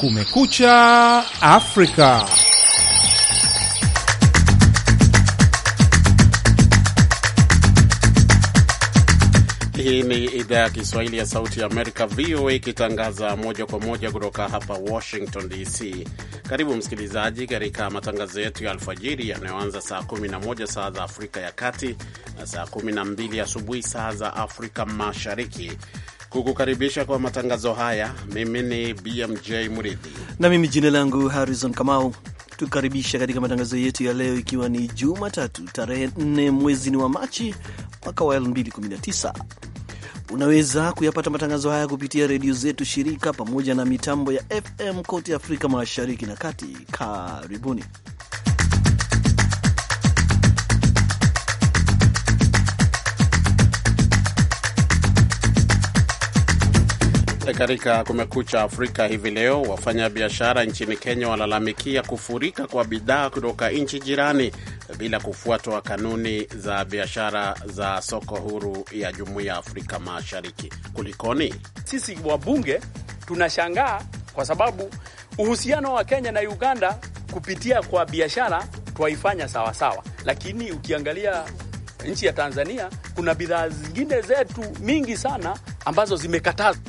Kumekucha Afrika. Hii ni idhaa ya Kiswahili ya Sauti ya Amerika, VOA, ikitangaza moja kwa moja kutoka hapa Washington DC. Karibu msikilizaji, katika matangazo yetu ya alfajiri yanayoanza saa 11 saa za Afrika ya Kati na saa 12 asubuhi saa za Afrika Mashariki kukukaribisha kwa matangazo haya. Mimi ni BMJ Mridhi na mimi jina langu Harrison Kamau. Tukaribisha katika matangazo yetu ya leo, ikiwa ni Jumatatu tarehe 4 mwezi ni wa Machi mwaka wa 2019. Unaweza kuyapata matangazo haya kupitia redio zetu shirika pamoja na mitambo ya FM kote Afrika Mashariki na Kati. Karibuni. Katika Kumekucha Afrika hivi leo, wafanya biashara nchini Kenya walalamikia kufurika kwa bidhaa kutoka nchi jirani bila kufuatwa kanuni za biashara za soko huru ya Jumuiya ya Afrika Mashariki. Kulikoni? Sisi wabunge tunashangaa kwa sababu uhusiano wa Kenya na Uganda kupitia kwa biashara twaifanya sawasawa, lakini ukiangalia nchi ya Tanzania kuna bidhaa zingine zetu mingi sana ambazo zimekatazwa.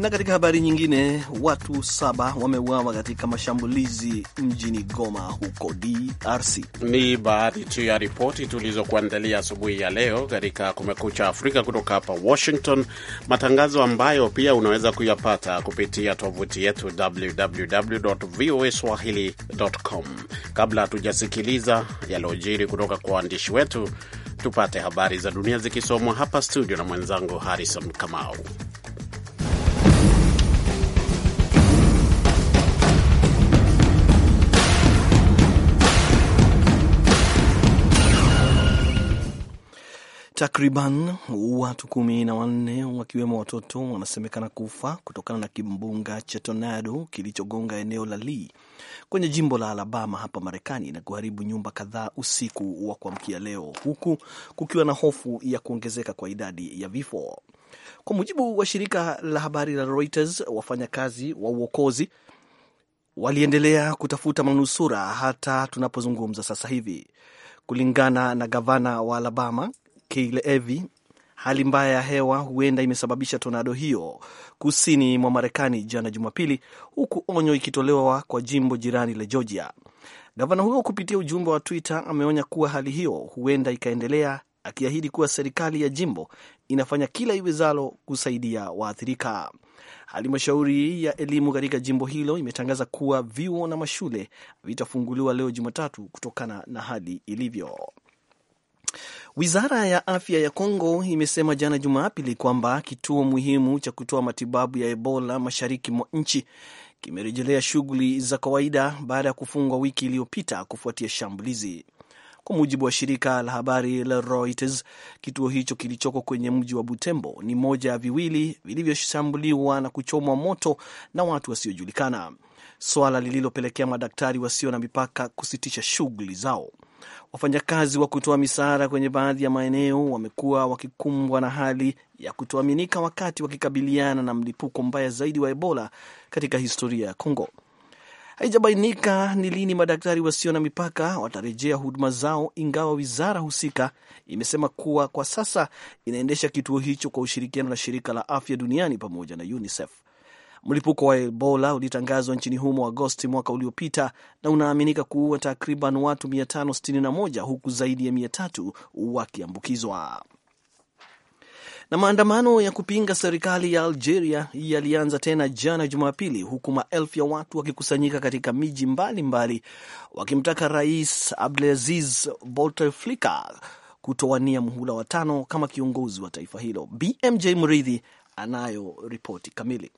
Na katika habari nyingine, watu saba wameuawa katika mashambulizi mjini Goma huko DRC. Ni baadhi tu ya ripoti tulizokuandalia asubuhi ya leo katika Kumekucha Afrika kutoka hapa Washington, matangazo ambayo pia unaweza kuyapata kupitia tovuti yetu www voa swahili.com. Kabla hatujasikiliza yaliyojiri kutoka kwa waandishi wetu, tupate habari za dunia zikisomwa hapa studio na mwenzangu Harrison Kamau. Takriban watu kumi na wanne wakiwemo watoto wanasemekana kufa kutokana na kimbunga cha tornado kilichogonga eneo la Lee kwenye jimbo la Alabama hapa Marekani na kuharibu nyumba kadhaa usiku wa kuamkia leo, huku kukiwa na hofu ya kuongezeka kwa idadi ya vifo. Kwa mujibu wa shirika la habari la Reuters, wafanyakazi wa uokozi waliendelea kutafuta manusura hata tunapozungumza sasa hivi. Kulingana na gavana wa Alabama Kailevi, hali mbaya ya hewa huenda imesababisha tornado hiyo kusini mwa Marekani jana Jumapili, huku onyo ikitolewa kwa jimbo jirani la Georgia. Gavana huyo kupitia ujumbe wa Twitter ameonya kuwa hali hiyo huenda ikaendelea, akiahidi kuwa serikali ya jimbo inafanya kila iwezalo kusaidia waathirika. Halmashauri ya elimu katika jimbo hilo imetangaza kuwa vyuo na mashule vitafunguliwa leo Jumatatu kutokana na hali ilivyo. Wizara ya afya ya congo imesema jana Jumapili kwamba kituo muhimu cha kutoa matibabu ya Ebola mashariki mwa nchi kimerejelea shughuli za kawaida baada ya kufungwa wiki iliyopita kufuatia shambulizi. Kwa mujibu wa shirika la habari la Reuters, kituo hicho kilichoko kwenye mji wa Butembo ni moja ya viwili vilivyoshambuliwa na kuchomwa moto na watu wasiojulikana, swala lililopelekea madaktari wasio na mipaka kusitisha shughuli zao. Wafanyakazi wa kutoa misaada kwenye baadhi ya maeneo wamekuwa wakikumbwa na hali ya kutoaminika wakati wakikabiliana na mlipuko mbaya zaidi wa Ebola katika historia ya Kongo. Haijabainika ni lini madaktari wasio na mipaka watarejea huduma zao, ingawa wizara husika imesema kuwa kwa sasa inaendesha kituo hicho kwa ushirikiano na shirika la afya duniani pamoja na UNICEF. Mlipuko wa Ebola ulitangazwa nchini humo Agosti mwaka uliopita na unaaminika kuua takriban watu 561 huku zaidi ya 300 wakiambukizwa. Na maandamano ya kupinga serikali ya Algeria yalianza tena jana Jumapili, huku maelfu ya watu wakikusanyika katika miji mbalimbali wakimtaka Rais Abdelaziz Bouteflika kutowania muhula wa tano kama kiongozi wa taifa hilo. BMJ Mridhi anayo ripoti kamili.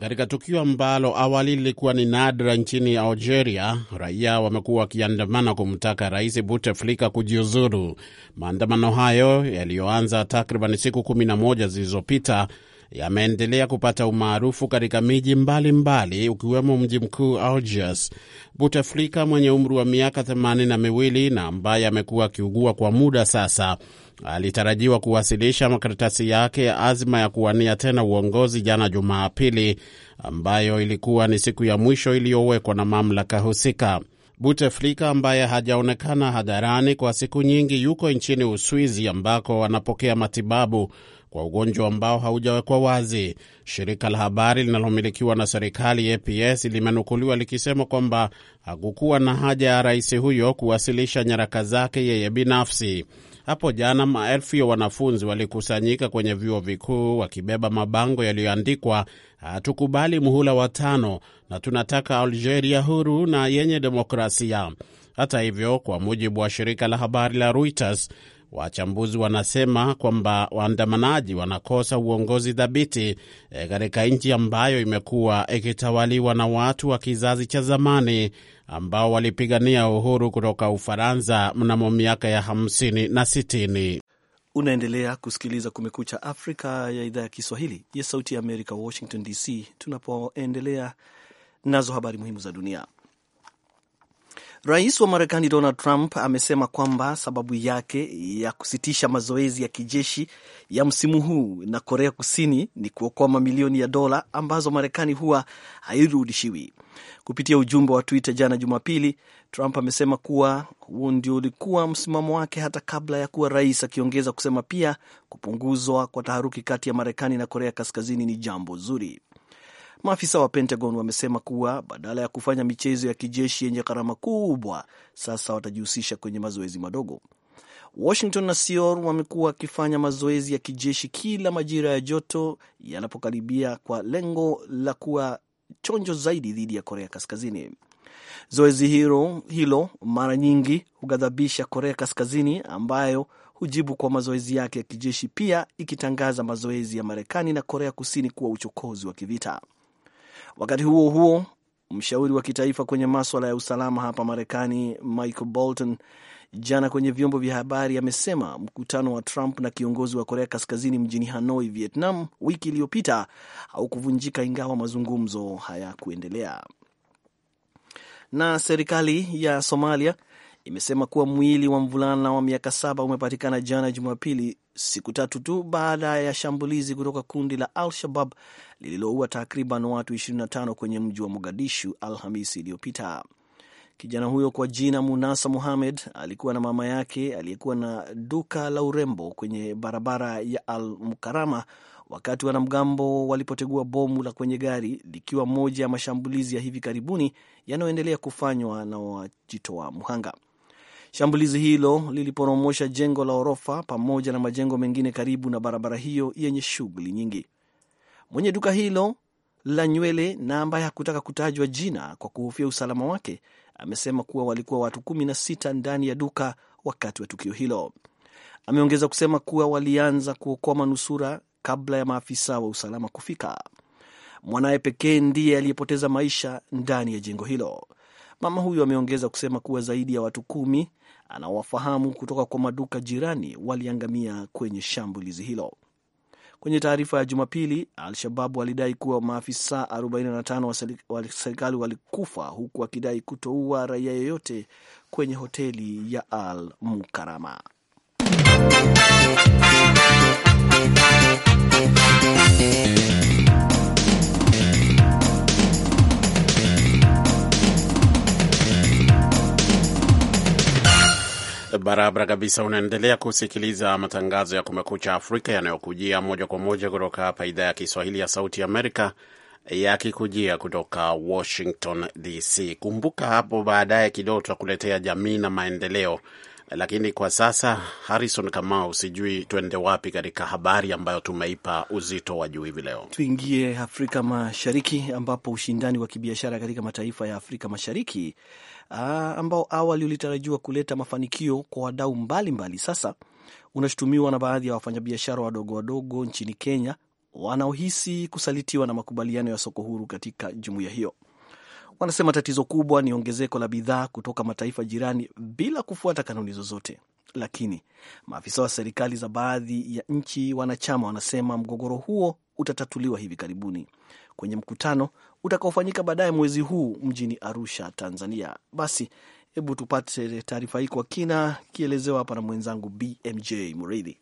Katika tukio ambalo awali lilikuwa ni nadra nchini Algeria, raia wamekuwa wakiandamana kumtaka Rais buteflika kujiuzuru. Maandamano hayo yaliyoanza takriban siku 11 na moja zilizopita yameendelea kupata umaarufu katika miji mbalimbali ukiwemo mji mkuu Algiers. Buteflika mwenye umri wa miaka themanini na miwili na ambaye amekuwa akiugua kwa muda sasa alitarajiwa kuwasilisha makaratasi yake ya azma ya kuwania tena uongozi jana Jumapili, ambayo ilikuwa ni siku ya mwisho iliyowekwa na mamlaka husika. Buteflika ambaye hajaonekana hadharani kwa siku nyingi, yuko nchini Uswizi ambako anapokea matibabu kwa ugonjwa ambao haujawekwa wazi. Shirika la habari linalomilikiwa na serikali APS limenukuliwa likisema kwamba hakukuwa na haja ya rais huyo kuwasilisha nyaraka zake yeye binafsi. Hapo jana maelfu ya wanafunzi walikusanyika kwenye vyuo vikuu wakibeba mabango yaliyoandikwa hatukubali muhula wa tano na tunataka Algeria huru na yenye demokrasia. Hata hivyo, kwa mujibu wa shirika la habari la Reuters, Wachambuzi wanasema kwamba waandamanaji wanakosa uongozi dhabiti eh, katika e, nchi ambayo imekuwa ikitawaliwa na watu wa kizazi cha zamani ambao walipigania uhuru kutoka Ufaransa mnamo miaka ya hamsini na sitini. Unaendelea kusikiliza Kumekucha Afrika ya idhaa ya Kiswahili ya Sauti ya Amerika, Washington DC, tunapoendelea nazo habari muhimu za dunia. Rais wa Marekani Donald Trump amesema kwamba sababu yake ya kusitisha mazoezi ya kijeshi ya msimu huu na Korea Kusini ni kuokoa mamilioni ya dola ambazo Marekani huwa hairudishiwi. Kupitia ujumbe wa Twitter jana Jumapili, Trump amesema kuwa huo ndio ulikuwa msimamo wake hata kabla ya kuwa rais, akiongeza kusema pia kupunguzwa kwa taharuki kati ya Marekani na Korea Kaskazini ni jambo zuri. Maafisa wa Pentagon wamesema kuwa badala ya kufanya michezo ya kijeshi yenye gharama kubwa, sasa watajihusisha kwenye mazoezi madogo. Washington na Seoul wamekuwa wakifanya mazoezi ya kijeshi kila majira ya joto yanapokaribia kwa lengo la kuwa chonjo zaidi dhidi ya Korea Kaskazini. Zoezi hilo, hilo mara nyingi hughadhabisha Korea Kaskazini ambayo hujibu kwa mazoezi yake ya kijeshi, pia ikitangaza mazoezi ya Marekani na Korea Kusini kuwa uchokozi wa kivita. Wakati huo huo, mshauri wa kitaifa kwenye maswala ya usalama hapa Marekani Michael Bolton jana kwenye vyombo vya habari amesema mkutano wa Trump na kiongozi wa Korea Kaskazini mjini Hanoi, Vietnam, wiki iliyopita haukuvunjika ingawa mazungumzo hayakuendelea. Na serikali ya Somalia imesema kuwa mwili wa mvulana wa miaka saba umepatikana jana Jumapili, siku tatu tu baada ya shambulizi kutoka kundi la Al-Shabab lililoua takriban watu 25 kwenye mji wa Mogadishu Alhamisi iliyopita. Kijana huyo kwa jina Munasa Muhamed alikuwa na mama yake aliyekuwa na duka la urembo kwenye barabara ya Al Mukarama wakati wanamgambo walipotegua bomu la kwenye gari, likiwa moja ya mashambulizi ya hivi karibuni yanayoendelea kufanywa na wajitoa muhanga Shambulizi hilo liliporomosha jengo la ghorofa pamoja na majengo mengine karibu na barabara hiyo yenye shughuli nyingi. Mwenye duka hilo la nywele na ambaye hakutaka kutajwa jina kwa kuhofia usalama wake amesema kuwa walikuwa watu kumi na sita ndani ya duka wakati wa tukio hilo. Ameongeza kusema kuwa walianza kuokoa manusura kabla ya maafisa wa usalama kufika. Mwanaye pekee ndiye aliyepoteza maisha ndani ya jengo hilo. Mama huyo ameongeza kusema kuwa zaidi ya watu kumi anaowafahamu kutoka kwa maduka jirani waliangamia kwenye shambulizi hilo. Kwenye taarifa ya Jumapili, Al-Shababu alidai kuwa maafisa 45 wa serikali walikufa huku akidai kutoua raia yeyote kwenye hoteli ya Al Mukarama. Barabara kabisa. Unaendelea kusikiliza matangazo ya Kumekucha Afrika yanayokujia moja kwa moja kutoka hapa idhaa ya Kiswahili ya Sauti Amerika, yakikujia kutoka Washington DC. Kumbuka hapo baadaye kidogo tutakuletea jamii na maendeleo, lakini kwa sasa, Harrison Kamau, sijui tuende wapi katika habari ambayo tumeipa uzito wa juu hivi leo. Tuingie Afrika Mashariki, ambapo ushindani wa kibiashara katika mataifa ya Afrika Mashariki ambao awali ulitarajiwa kuleta mafanikio kwa wadau mbalimbali, sasa unashutumiwa na baadhi ya wafanyabiashara wadogo wadogo nchini Kenya wanaohisi kusalitiwa na makubaliano ya soko huru katika jumuiya hiyo. Wanasema tatizo kubwa ni ongezeko la bidhaa kutoka mataifa jirani bila kufuata kanuni zozote. Lakini maafisa wa serikali za baadhi ya nchi wanachama wanasema mgogoro huo utatatuliwa hivi karibuni. Kwenye mkutano utakaofanyika baadaye mwezi huu mjini Arusha, Tanzania. Basi hebu tupate taarifa hii kwa kina, kielezewa hapa na mwenzangu BMJ Muridhi.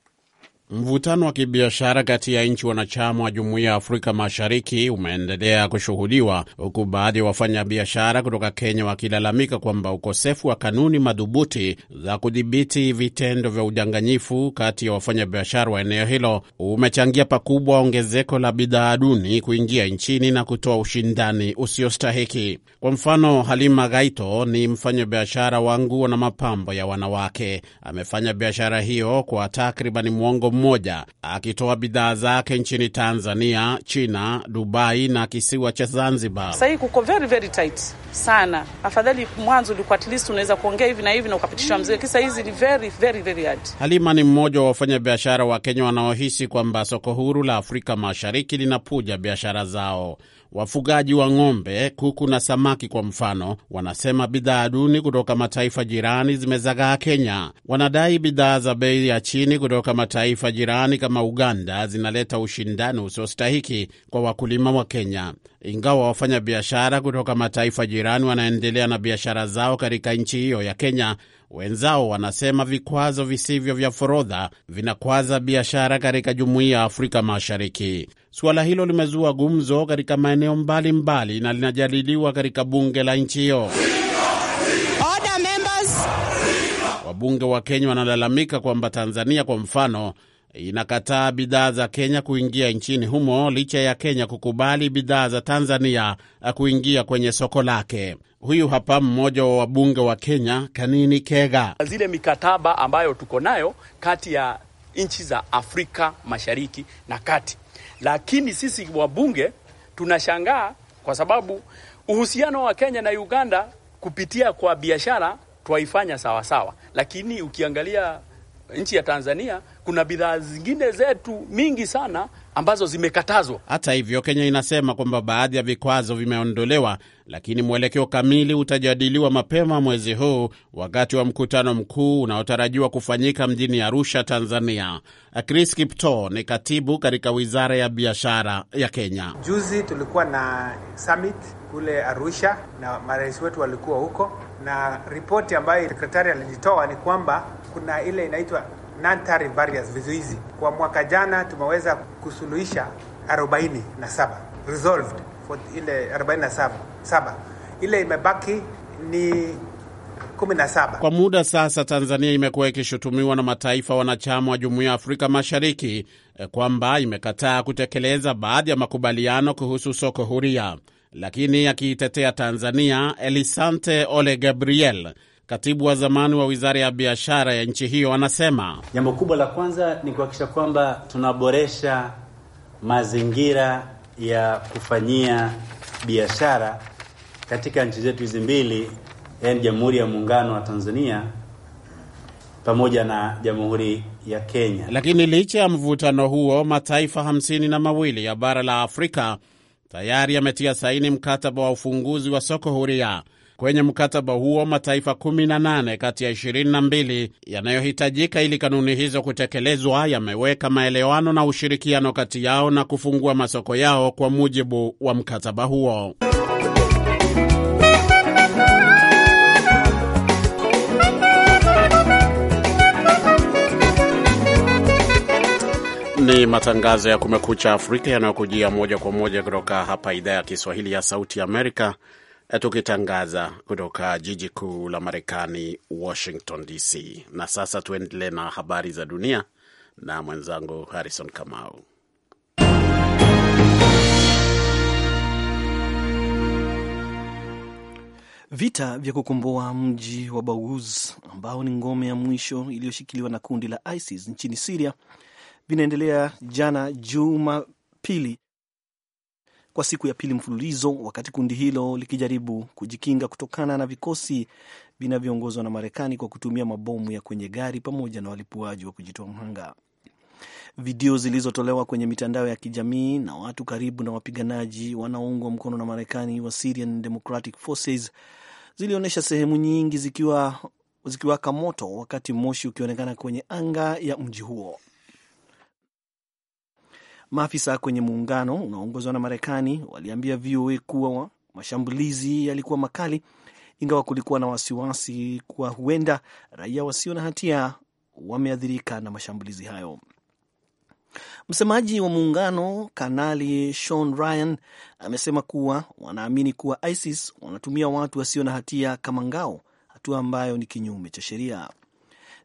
Mvutano wa kibiashara kati ya nchi wanachama wa jumuiya ya Afrika Mashariki umeendelea kushuhudiwa huku baadhi ya wafanyabiashara kutoka Kenya wakilalamika kwamba ukosefu wa kanuni madhubuti za kudhibiti vitendo vya udanganyifu kati ya wafanyabiashara wa eneo hilo umechangia pakubwa ongezeko la bidhaa duni kuingia nchini na kutoa ushindani usiostahiki. Kwa mfano, Halima Gaito ni mfanyabiashara wa nguo na mapambo ya wanawake. Amefanya biashara hiyo kwa takribani mwongo mmoja akitoa bidhaa zake nchini Tanzania, China, Dubai na kisiwa cha Zanzibar. Sasa hii kuko very, very tight sana. Afadhali mwanzo ulikuwa at least unaweza kuongea hivi na hivi na ukapitishwa mzigo, kisa hizi ni very, very, very hard. Halima ni mmoja wa wafanyabiashara wa Kenya wanaohisi kwamba soko huru la Afrika Mashariki linapuja biashara zao. Wafugaji wa ng'ombe, kuku na samaki kwa mfano, wanasema bidhaa duni kutoka mataifa jirani zimezagaa Kenya. Wanadai bidhaa za bei ya chini kutoka mataifa jirani kama Uganda zinaleta ushindani usiostahiki kwa wakulima wa Kenya. Ingawa wafanyabiashara kutoka mataifa jirani wanaendelea na biashara zao katika nchi hiyo ya Kenya, wenzao wanasema vikwazo visivyo vya forodha vinakwaza biashara katika jumuiya ya Afrika Mashariki. Suala hilo limezua gumzo katika maeneo mbalimbali na linajadiliwa katika bunge la nchi hiyo. Wabunge wa Kenya wanalalamika kwamba Tanzania kwa mfano inakataa bidhaa za Kenya kuingia nchini humo licha ya Kenya kukubali bidhaa za Tanzania kuingia kwenye soko lake. Huyu hapa mmoja wa wabunge wa Kenya, Kanini Kega. Zile mikataba ambayo tuko nayo kati ya nchi za Afrika Mashariki na Kati lakini sisi wabunge tunashangaa kwa sababu uhusiano wa Kenya na Uganda kupitia kwa biashara twaifanya sawasawa, lakini ukiangalia nchi ya Tanzania kuna bidhaa zingine zetu mingi sana ambazo zimekatazwa. Hata hivyo, Kenya inasema kwamba baadhi ya vikwazo vimeondolewa, lakini mwelekeo kamili utajadiliwa mapema mwezi huu wakati wa mkutano mkuu unaotarajiwa kufanyika mjini Arusha, Tanzania. Chris Kipto ni katibu katika wizara ya biashara ya Kenya. Juzi tulikuwa na summit kule Arusha na marais wetu walikuwa huko na ripoti ambayo sekretari alijitoa ni kwamba kuna ile inaitwa non-tariff barriers, vizuizi. Kwa mwaka jana tumeweza kusuluhisha 47 resolved for ile 47 saba, ile imebaki ni 17. Kwa muda sasa Tanzania imekuwa ikishutumiwa na mataifa wanachama wa Jumuiya ya Afrika Mashariki eh, kwamba imekataa kutekeleza baadhi ya makubaliano kuhusu soko huria lakini akiitetea Tanzania, Elisante Ole Gabriel, katibu wa zamani wa wizara ya biashara ya nchi hiyo, anasema jambo kubwa la kwanza ni kuhakikisha kwamba tunaboresha mazingira ya kufanyia biashara katika nchi zetu hizi mbili, yaani Jamhuri ya Muungano wa Tanzania pamoja na Jamhuri ya Kenya. Lakini licha ya mvutano huo, mataifa hamsini na mawili ya bara la Afrika tayari ametia saini mkataba wa ufunguzi wa soko huria. Kwenye mkataba huo mataifa 18 kati ya 22 yanayohitajika ili kanuni hizo kutekelezwa yameweka maelewano na ushirikiano kati yao na kufungua masoko yao kwa mujibu wa mkataba huo. ni matangazo ya Kumekucha Afrika yanayokujia moja kwa moja kutoka hapa idhaa ya Kiswahili ya Sauti Amerika, eh, tukitangaza kutoka jiji kuu la Marekani, Washington DC. Na sasa tuendelee na habari za dunia na mwenzangu Harrison Kamau. Vita vya kukomboa mji wa Baghouz ambao ni ngome ya mwisho iliyoshikiliwa na kundi la ISIS nchini Siria vinaendelea jana Jumapili kwa siku ya pili mfululizo, wakati kundi hilo likijaribu kujikinga kutokana na vikosi vinavyoongozwa na Marekani kwa kutumia mabomu ya kwenye gari pamoja na walipuaji wa kujitoa mhanga. Video zilizotolewa kwenye mitandao ya kijamii na watu karibu na wapiganaji wanaoungwa mkono na Marekani wa Syrian Democratic Forces zilionyesha sehemu nyingi zikiwa zikiwaka moto wakati moshi ukionekana kwenye anga ya mji huo. Maafisa kwenye muungano unaoongozwa na Marekani waliambia VOA kuwa mashambulizi yalikuwa makali, ingawa kulikuwa na wasiwasi kuwa huenda raia wasio na hatia wameathirika na mashambulizi hayo. Msemaji wa muungano Kanali Sean Ryan amesema kuwa wanaamini kuwa ISIS wanatumia watu wasio na hatia kama ngao, hatua ambayo ni kinyume cha sheria.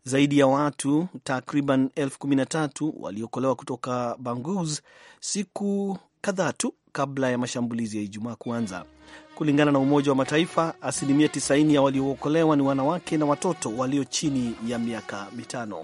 Zaidi ya watu takriban elfu kumi na tatu waliokolewa kutoka Bangus siku kadhaa tu kabla ya mashambulizi ya Ijumaa kuanza. Kulingana na Umoja wa Mataifa, asilimia 90 ya waliookolewa ni wanawake na watoto walio chini ya miaka mitano.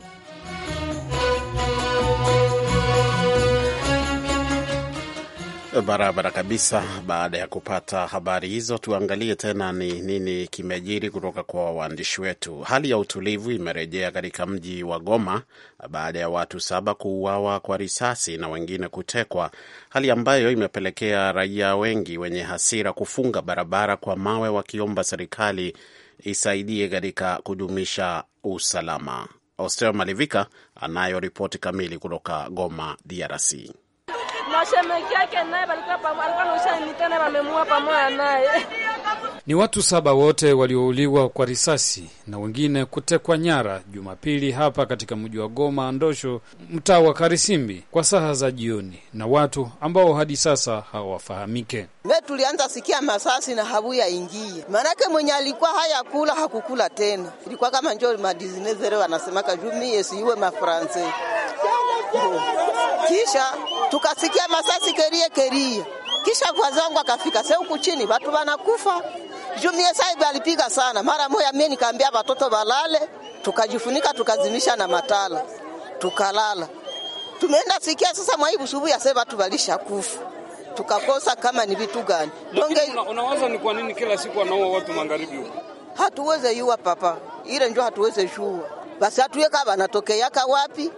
Barabara kabisa. Baada ya kupata habari hizo, tuangalie tena ni nini kimejiri kutoka kwa waandishi wetu. Hali ya utulivu imerejea katika mji wa Goma baada ya watu saba kuuawa kwa risasi na wengine kutekwa, hali ambayo imepelekea raia wengi wenye hasira kufunga barabara kwa mawe, wakiomba serikali isaidie katika kudumisha usalama. Ostel Malivika anayo ripoti kamili kutoka Goma, DRC pamoja, alikuwa naye, wamemua pamoja naye. Ni watu saba wote waliouliwa kwa risasi na wengine kutekwa nyara Jumapili hapa katika mji wa Goma Ndosho, mtaa wa Karisimbi, kwa saha za jioni, na watu ambao hadi sasa hawafahamike. Me tulianza sikia masasi na ya ingie, maanake mwenye alikuwa hayakula hakukula tena, ilikuwa kama njo madizinezere wanasemaka jumie siuwe mafranse kisha tukasikia masasi kerie kerie, kisha kwazangu akafika huku chini, watu wanakufa juu saibu alipiga sana mara moja. Mie nikaambia watoto walale, tukajifunika tukazimisha na matala tukalala. Tumeenda sikia sasa mwaibu subuhi ase watu walisha kufa, tukakosa kama ni vitu gani. donge. Unawaza ni kwa nini kila siku anaua watu magharibi huko? Hatuweze yua papa ile njo hatuweze shua basi, hatuyeka wanatokeaka wapi?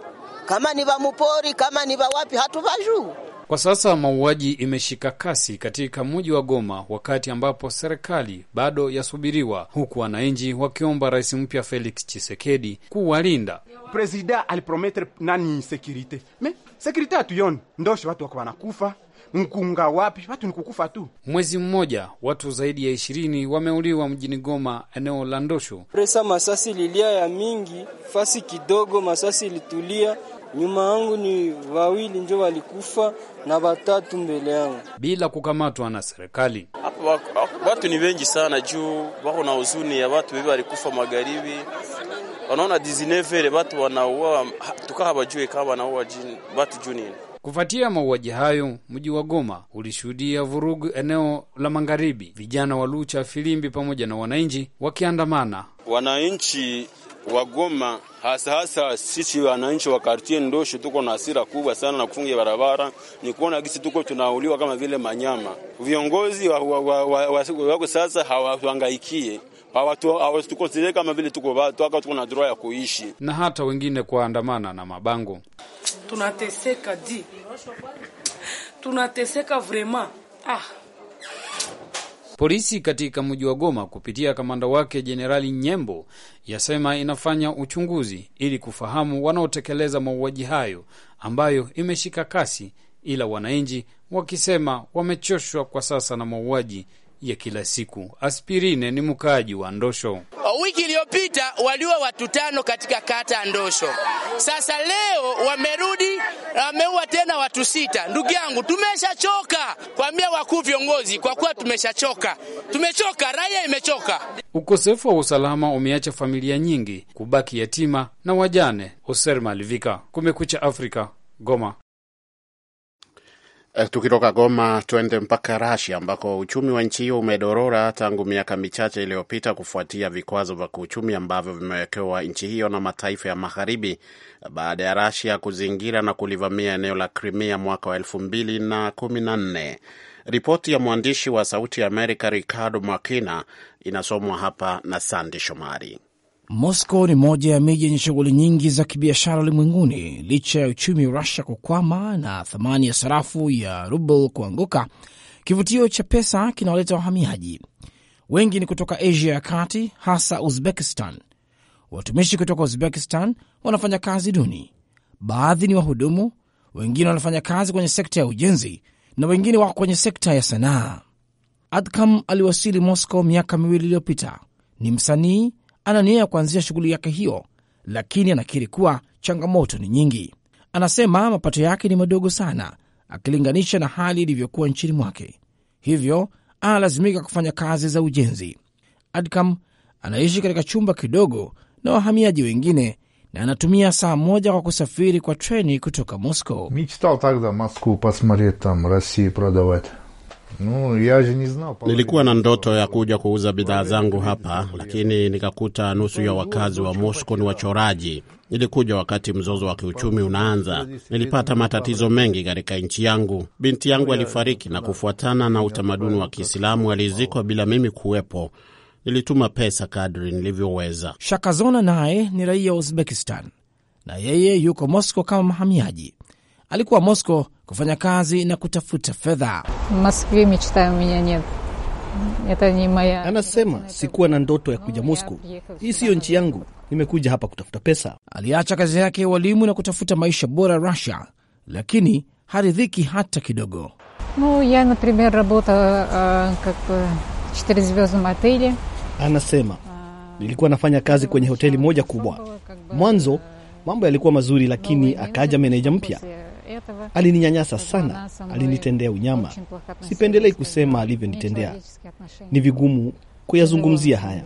kama ni vamupori kama ni vawapi hatuvajuu. Kwa sasa mauaji imeshika kasi katika mji wa Goma, wakati ambapo serikali bado yasubiriwa, huku wananchi wakiomba rais mpya Felix chisekedi kuwalinda. Presida alipromettre nani sekirite me sekirite hatuyoni ndosho, watu wako wanakufa mkunga wapi? Watu ni kukufa tu. Mwezi mmoja watu zaidi ya ishirini wameuliwa mjini Goma, eneo la Ndosho. Presa masasi lilia ya mingi fasi kidogo, masasi ilitulia nyuma yangu ni wawili njo walikufa na watatu mbele yangu, bila kukamatwa na serikali. watu ni wengi sana, juu wako na huzuni ya watu wewe walikufa magharibi. Wanaona dizinevere watu wanaua, tukaa wajue kaa wanaua watu juu nini Kufuatia mauaji hayo, mji wa Goma ulishuhudia vurugu eneo la magharibi, vijana wa Lucha Filimbi pamoja na wananchi wakiandamana. Wananchi wa Goma hasa hasa sisi wananchi wa kartie Ndoshi tuko na hasira kubwa sana na kufunga barabara, ni kuona gisi tuko tunauliwa kama vile manyama. Viongozi wako sasa hawatuangaikie hawatukonsidere kama vile tuko watu, tuko na droa ya kuishi, na hata wengine kuandamana na mabango tunateseka di, tunateseka vrema ah. Polisi katika mji wa Goma kupitia kamanda wake Jenerali Nyembo yasema inafanya uchunguzi ili kufahamu wanaotekeleza mauaji hayo ambayo imeshika kasi, ila wananchi wakisema wamechoshwa kwa sasa na mauaji ya kila siku. Aspirine ni mkaaji wa Ndosho. Wiki iliyopita waliwa watu tano katika kata ya Ndosho, sasa leo wamerudi, wameua tena watu sita. Ndugu yangu, tumeshachoka kuambia wakuu viongozi, kwa kuwa tumeshachoka, tumechoka, raia imechoka. Ukosefu wa usalama umeacha familia nyingi kubaki yatima na wajane. Oser Malivika, Kumekucha Afrika, Goma. Eh, tukitoka Goma tuende mpaka Rasia ambako uchumi wa nchi hiyo umedorora tangu miaka michache iliyopita kufuatia vikwazo vya kiuchumi ambavyo vimewekewa nchi hiyo na mataifa ya Magharibi baada ya Rasia kuzingira na kulivamia eneo la Krimia mwaka wa elfu mbili na kumi na nne. Ripoti ya mwandishi wa Sauti ya Amerika Ricardo makina inasomwa hapa na Sandi Shomari. Moscow ni moja ya miji yenye shughuli nyingi za kibiashara ulimwenguni. Licha ya uchumi wa Rusia kukwama na thamani ya sarafu ya ruble kuanguka, kivutio cha pesa kinawaleta wahamiaji wengi. Ni kutoka Asia ya kati, hasa Uzbekistan. Watumishi kutoka Uzbekistan wanafanya kazi duni. Baadhi ni wahudumu, wengine wanafanya kazi kwenye sekta ya ujenzi na wengine wako kwenye sekta ya sanaa. Adkam aliwasili Moscow miaka miwili iliyopita. Ni msanii ana nia ya kuanzisha shughuli yake hiyo, lakini anakiri kuwa changamoto ni nyingi. Anasema mapato yake ni madogo sana akilinganisha na hali ilivyokuwa nchini mwake, hivyo analazimika kufanya kazi za ujenzi. Adkam anaishi katika chumba kidogo na wahamiaji wengine na anatumia saa moja kwa kusafiri kwa treni kutoka Moscow. No, nilikuwa na ndoto ya kuja kuuza bidhaa zangu hapa, lakini nikakuta nusu ya wakazi wa Moscow ni wachoraji. Nilikuja wakati mzozo wa kiuchumi unaanza. Nilipata matatizo mengi katika nchi yangu. Binti yangu alifariki, na kufuatana na utamaduni wa Kiislamu alizikwa bila mimi kuwepo. Nilituma pesa kadri nilivyoweza. Shakazona naye ni raia wa Uzbekistan na yeye yuko Moscow kama mhamiaji. Alikuwa Moscow kufanya kazi na kutafuta fedha. Anasema sikuwa na ndoto ya kuja Moscow, hii siyo nchi yangu, nimekuja hapa kutafuta pesa. Aliacha kazi yake ya ualimu na kutafuta maisha bora Russia, lakini haridhiki hata kidogo. anasema nilikuwa nafanya kazi kwenye hoteli moja kubwa. Mwanzo mambo yalikuwa mazuri, lakini akaja meneja mpya Alininyanyasa sana, alinitendea unyama. Sipendelei kusema alivyonitendea, ni vigumu kuyazungumzia haya.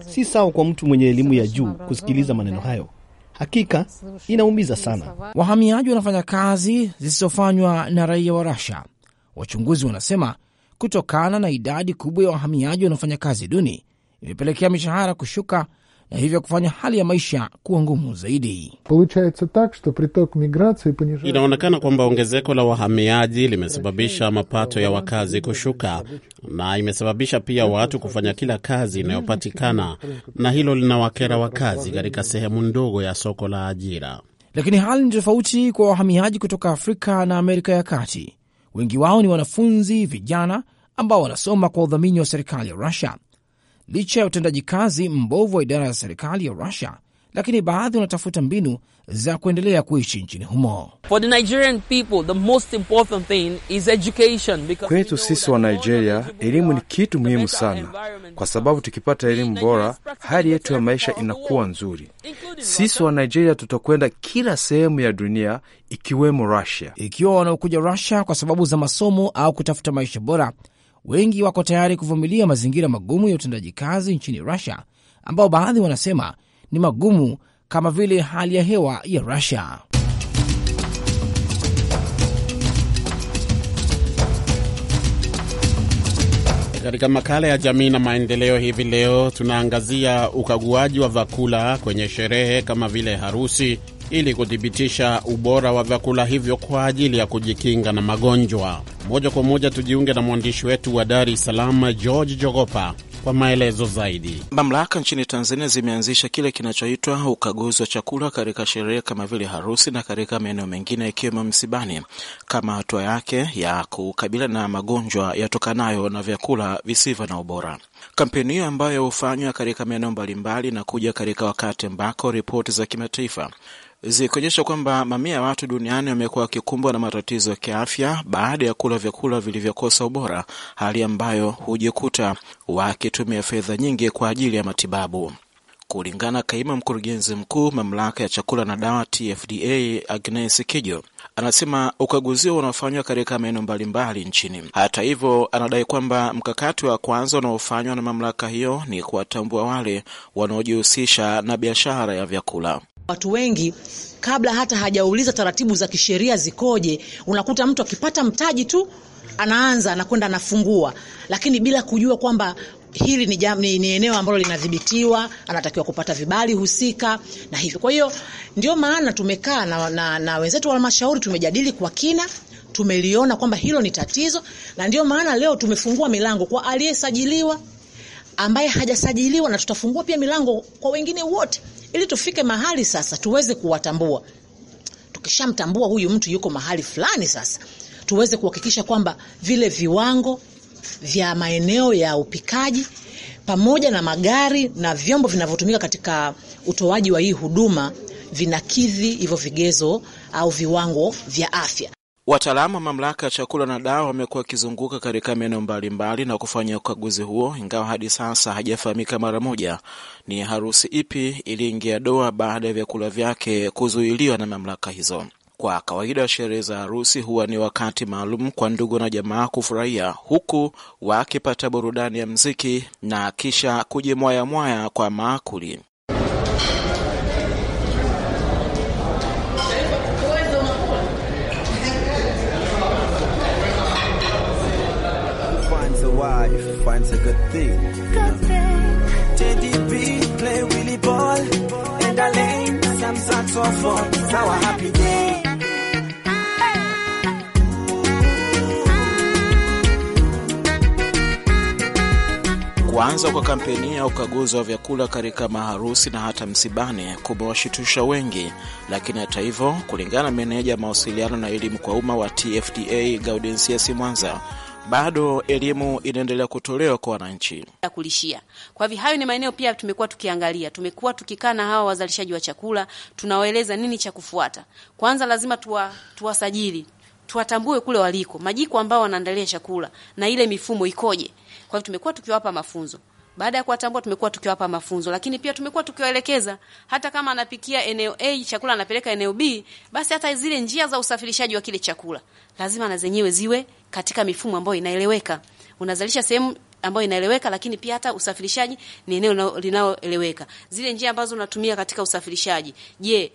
Si sawa kwa mtu mwenye elimu ya juu kusikiliza maneno hayo. Hakika inaumiza sana. Wahamiaji wanafanya kazi zisizofanywa na raia wa Rasha. wachunguzi wanasema. Kutokana na idadi kubwa ya wahamiaji wanaofanya kazi duni, imepelekea mishahara kushuka na hivyo kufanya hali ya maisha kuwa ngumu zaidi. Inaonekana kwamba ongezeko la wahamiaji limesababisha mapato ya wakazi kushuka na imesababisha pia watu kufanya kila kazi inayopatikana, na hilo linawakera wakazi katika sehemu ndogo ya soko la ajira. Lakini hali ni tofauti kwa wahamiaji kutoka Afrika na Amerika ya Kati. Wengi wao ni wanafunzi vijana ambao wanasoma kwa udhamini wa serikali ya Rusia licha ya utendaji kazi mbovu wa idara za serikali ya Rusia, lakini baadhi wanatafuta mbinu za kuendelea kuishi nchini humo. Kwetu sisi wa Nigeria, elimu ni kitu muhimu sana, kwa sababu tukipata elimu bora, hali yetu ya maisha inakuwa nzuri. Sisi wa Nigeria tutakwenda kila sehemu ya dunia, ikiwemo Rusia. Ikiwa wanaokuja Rusia kwa sababu za masomo au kutafuta maisha bora wengi wako tayari kuvumilia mazingira magumu ya utendaji kazi nchini Rusia, ambao baadhi wanasema ni magumu kama vile hali ya hewa ya Rusia. Katika makala ya jamii na maendeleo hivi leo tunaangazia ukaguaji wa vyakula kwenye sherehe kama vile harusi, ili kuthibitisha ubora wa vyakula hivyo kwa ajili ya kujikinga na magonjwa. Moja kwa moja tujiunge na mwandishi wetu wa Dar es Salaam, George Jogopa kwa maelezo zaidi. Mamlaka nchini Tanzania zimeanzisha kile kinachoitwa ukaguzi wa chakula katika sherehe kama vile harusi na katika maeneo mengine ikiwemo msibani, kama hatua yake ya kukabiliana na magonjwa yatokanayo na vyakula visivyo na ubora. Kampeni hiyo ambayo hufanywa katika maeneo mbalimbali na kuja katika wakati ambako ripoti za kimataifa zikionyesha kwamba mamia ya watu duniani wamekuwa wakikumbwa na matatizo ya kiafya baada ya kula vyakula vilivyokosa ubora, hali ambayo hujikuta wakitumia fedha nyingi kwa ajili ya matibabu. Kulingana kaimu mkurugenzi mkuu mamlaka ya chakula na dawa TFDA Agnes Kijo, anasema ukaguzi huo unaofanywa katika maeneo mbalimbali nchini. Hata hivyo, anadai kwamba mkakati wa kwanza unaofanywa na mamlaka hiyo ni kuwatambua wale wanaojihusisha na biashara ya vyakula. Watu wengi kabla hata hajauliza taratibu za kisheria zikoje, unakuta mtu akipata mtaji tu anaanza anakwenda anafungua, lakini bila kujua kwamba hili ni, jam, ni, ni eneo ambalo linadhibitiwa, anatakiwa kupata vibali husika na hivyo. Kwa hiyo ndio maana tumekaa na, na, na wenzetu wa halmashauri tumejadili kwa kina, tumeliona kwamba hilo ni tatizo, na ndio maana leo tumefungua milango kwa aliyesajiliwa, ambaye hajasajiliwa, na tutafungua pia milango kwa wengine wote ili tufike mahali sasa tuweze kuwatambua. Tukishamtambua huyu mtu yuko mahali fulani, sasa tuweze kuhakikisha kwamba vile viwango vya maeneo ya upikaji pamoja na magari na vyombo vinavyotumika katika utoaji wa hii huduma vinakidhi hivyo vigezo au viwango vya afya. Wataalamu wa mamlaka ya chakula na dawa wamekuwa wakizunguka katika maeneo mbalimbali na kufanya ukaguzi huo, ingawa hadi sasa hajafahamika mara moja ni harusi ipi iliingia doa baada ya vyakula vyake kuzuiliwa na mamlaka hizo. Kwa kawaida sherehe za harusi huwa ni wakati maalum kwa ndugu na jamaa kufurahia, huku wakipata burudani ya mziki na kisha kujimwayamwaya kwa maakuli. wife finds a good thing. Good thing. JDB play Willy ball in the lane. Sam Sats off now a happy day. Kuanza kwa kampeni ya ukaguzi wa vyakula katika maharusi na hata msibani kumewashitusha wengi, lakini hata hivyo, kulingana na meneja mawasiliano na elimu kwa umma wa TFDA Gaudensia Simwanza, bado elimu inaendelea kutolewa kwa wananchi ya kulishia. Kwa hivyo hayo ni maeneo pia tumekuwa tukiangalia, tumekuwa tukikaa na hawa wazalishaji wa chakula, tunawaeleza nini cha kufuata. Kwanza lazima tuwa, tuwasajili tuwatambue kule waliko majiko ambao wanaandalia chakula na ile mifumo ikoje. Kwa hivyo tumekuwa tukiwapa mafunzo. Baada ya kuwatambua, tumekuwa tukiwapa mafunzo, lakini pia tumekuwa tukiwaelekeza. Hata kama anapikia eneo A chakula anapeleka eneo B, basi hata zile njia za usafirishaji wa kile chakula lazima na zenyewe ziwe katika mifumo ambayo inaeleweka. Unazalisha sehemu ambayo inaeleweka, lakini pia hata usafirishaji ni eneo linaloeleweka. Zile njia ambazo unatumia katika usafirishaji, je,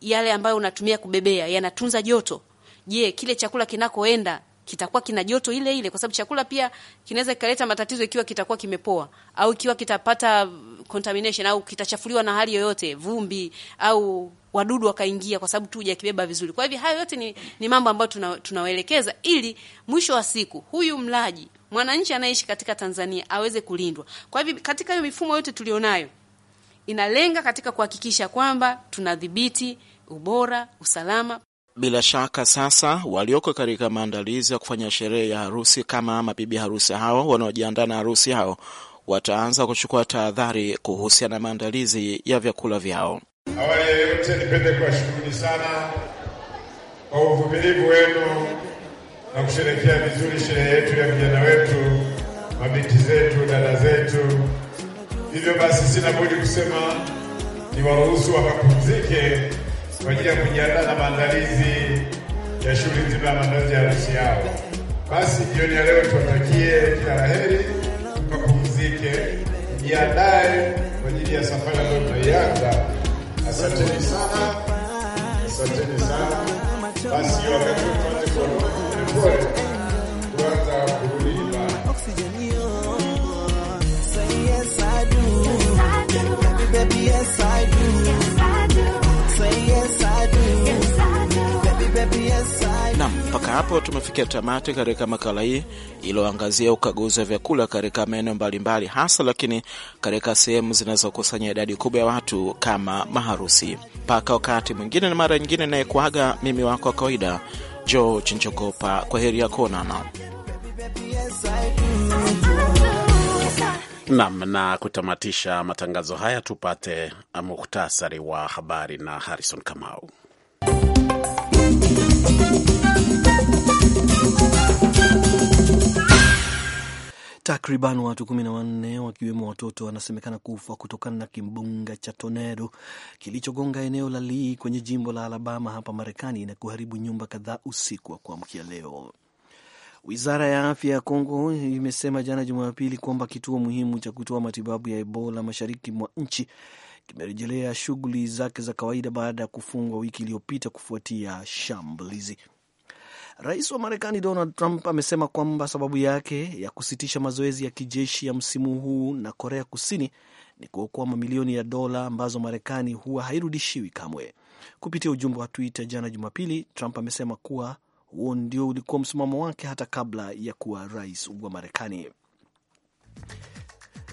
yale ambayo unatumia kubebea yanatunza joto? Je, kile chakula kinakoenda kitakuwa kina joto ile ile, kwa sababu chakula pia kinaweza kikaleta matatizo ikiwa kitakuwa kimepoa au ikiwa kitapata contamination au kitachafuliwa na hali yoyote, vumbi au wadudu wakaingia, kwa sababu tu hujakibeba vizuri. Kwa hivyo hayo yote ni, ni mambo ambayo tuna, tunawaelekeza ili mwisho wa siku huyu mlaji mwananchi anayeishi katika Tanzania aweze kulindwa. Kwa hivyo katika hiyo mifumo yote tulionayo inalenga katika kuhakikisha kwamba tunadhibiti ubora, usalama bila shaka sasa walioko katika maandalizi ya kufanya sherehe ya harusi kama mabibi harusi hao wanaojiandaa na harusi hao wataanza kuchukua tahadhari kuhusiana na maandalizi ya vyakula vyao. Awali ya yote, nipende kuwashukuruni sana kwa uvumilivu wenu na kusherekea vizuri sherehe yetu ya vijana wetu, mabinti zetu, dada zetu. Hivyo basi, sina budi kusema waruhusu wakapumzike kwa ajili ya kujiandaa na maandalizi ya shughuli nzima ya maandalizi ya harusi yao. Basi jioni ya leo tuwatakie kila la heri, tukapumzike, jiandae kwa ajili ya safari ambayo tunaianza. Asanteni sana, asanteni sana. Basi wakati tuanze kuondoka polepole, tuanza kurudi nyumbani. Yes, I do. Baby, yes, I do. yes, I do. Nam, mpaka hapo tumefikia tamati katika makala hii iliyoangazia ukaguzi wa vyakula katika maeneo mbalimbali, hasa lakini katika sehemu zinazokusanya idadi kubwa ya watu kama maharusi. Mpaka wakati mwingine na mara nyingine, nayekuaga mimi wako wa kawaida George Njogopa. Kwa heri ya kuonana. Nam, na kutamatisha matangazo haya tupate muhtasari wa habari na Harrison Kamau. Takriban watu kumi na wanne wakiwemo watoto wanasemekana kufa kutokana na kimbunga cha tornado kilichogonga eneo la Lee kwenye jimbo la Alabama hapa Marekani na kuharibu nyumba kadhaa usiku wa kuamkia leo. Wizara ya afya ya Kongo imesema jana Jumapili kwamba kituo muhimu cha kutoa matibabu ya Ebola mashariki mwa nchi kimerejelea shughuli zake za kawaida baada ya kufungwa wiki iliyopita kufuatia shambulizi. Rais wa Marekani Donald Trump amesema kwamba sababu yake ya kusitisha mazoezi ya kijeshi ya msimu huu na Korea Kusini ni kuokoa mamilioni ya dola ambazo Marekani huwa hairudishiwi kamwe. Kupitia ujumbe wa Twitter jana Jumapili, Trump amesema kuwa huo ndio ulikuwa msimamo wake hata kabla ya kuwa rais wa Marekani.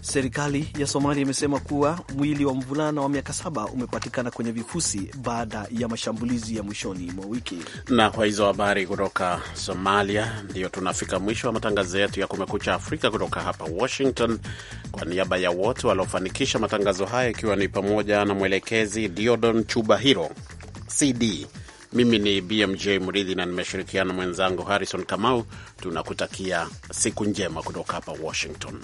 Serikali ya Somalia imesema kuwa mwili wa mvulana wa miaka saba umepatikana kwenye vifusi baada ya mashambulizi ya mwishoni mwa wiki. Na kwa hizo habari kutoka Somalia, ndiyo tunafika mwisho wa matangazo yetu ya Kumekucha Afrika kutoka hapa Washington. Kwa niaba ya wote waliofanikisha matangazo haya, ikiwa ni pamoja na mwelekezi Diodon Chubahiro CD, mimi ni BMJ Mridhi na nimeshirikiana mwenzangu Harrison Kamau. Tunakutakia siku njema kutoka hapa Washington.